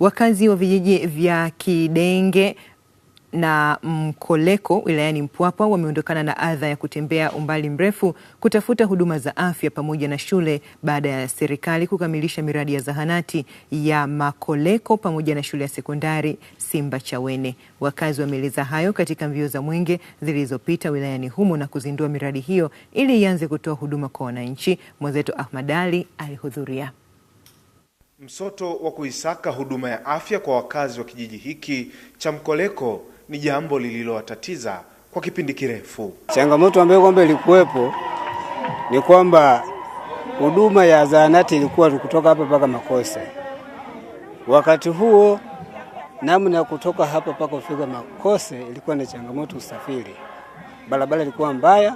Wakazi wa vijiji vya Kidenge na Mkoleko wilayani Mpwapwa wameondokana na adha ya kutembea umbali mrefu kutafuta huduma za afya pamoja na shule baada ya serikali kukamilisha miradi ya zahanati ya Makoleko pamoja na shule ya sekondari simba chawene Wakazi wameeleza hayo katika mbio za Mwenge zilizopita wilayani humo na kuzindua miradi hiyo ili ianze kutoa huduma kwa wananchi. Mwenzetu Ahmad Ali alihudhuria. Msoto wa kuisaka huduma ya afya kwa wakazi wa kijiji hiki cha Mkoleko ni jambo lililowatatiza kwa kipindi kirefu. Changamoto ambayo kwamba ilikuwepo ni kwamba huduma ya zahanati ilikuwa kutoka hapa mpaka Makose. Wakati huo namna ya kutoka hapa mpaka kufika Makose ilikuwa ni changamoto, usafiri, barabara ilikuwa mbaya,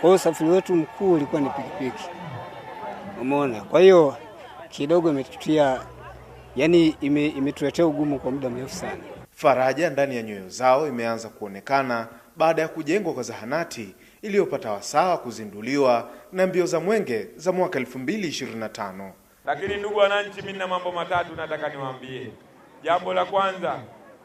kwa hiyo usafiri wetu mkuu ulikuwa ni pikipiki, umeona. Kwa hiyo kidogo imetutia yani ime, imetuletea ugumu kwa muda mrefu sana. Faraja ndani ya nyoyo zao imeanza kuonekana baada ya kujengwa kwa zahanati iliyopata wasaa kuzinduliwa na mbio za mwenge za mwaka 2025. Lakini ndugu wananchi, mimi na mambo matatu nataka niwaambie. Jambo la kwanza,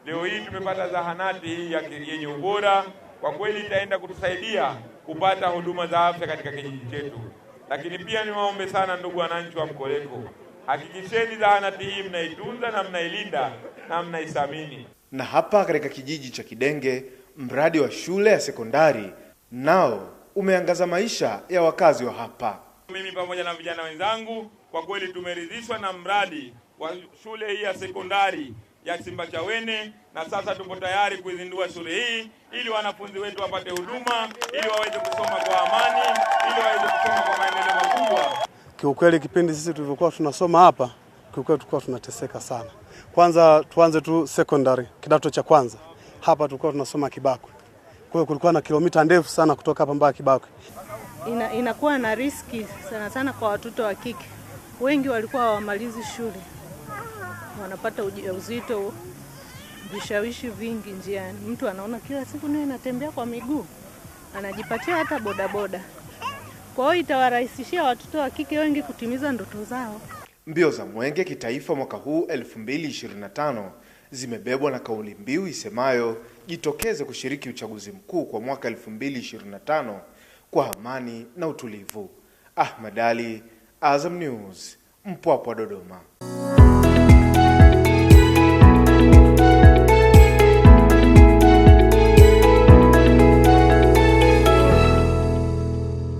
leo hii tumepata zahanati hii yenye ubora, kwa kweli itaenda kutusaidia kupata huduma za afya katika kijiji chetu. Lakini pia niwaombe sana ndugu wananchi wa Mkoleko, hakikisheni zahanati hii mnaitunza na mnailinda na mnaithamini. Na hapa katika kijiji cha Kidenge, mradi wa shule ya sekondari nao umeangaza maisha ya wakazi wa hapa. Mimi pamoja na vijana wenzangu kwa kweli tumeridhishwa na mradi wa shule hii ya sekondari ya chawene na sasa tupo tayari kuizindua shule hii ili wanafunzi wetu wapate huduma ili waweze kusoma kwa amani. Kiukweli kipindi sisi tulivyokuwa tunasoma hapa, kiukweli tulikuwa tunateseka sana. Kwanza tuanze tu secondary, kidato cha kwanza hapa tulikuwa tunasoma Kibakwe, kwa hiyo kulikuwa na kilomita ndefu sana kutoka hapa mpaka Kibakwe. Ina, inakuwa na riski sana sana kwa watoto wa kike, wengi walikuwa hawamalizi shule, wanapata ujauzito, vishawishi vingi njiani. Mtu anaona kila siku niwe natembea kwa miguu, anajipatia hata bodaboda kwa hiyo itawarahisishia watoto wa kike wengi kutimiza ndoto zao. Mbio za Mwenge kitaifa mwaka huu 2025 zimebebwa na kauli mbiu isemayo jitokeze kushiriki uchaguzi mkuu kwa mwaka 2025 kwa amani na utulivu. Ahmad Ali, Azam News, Mpwapwa, Dodoma.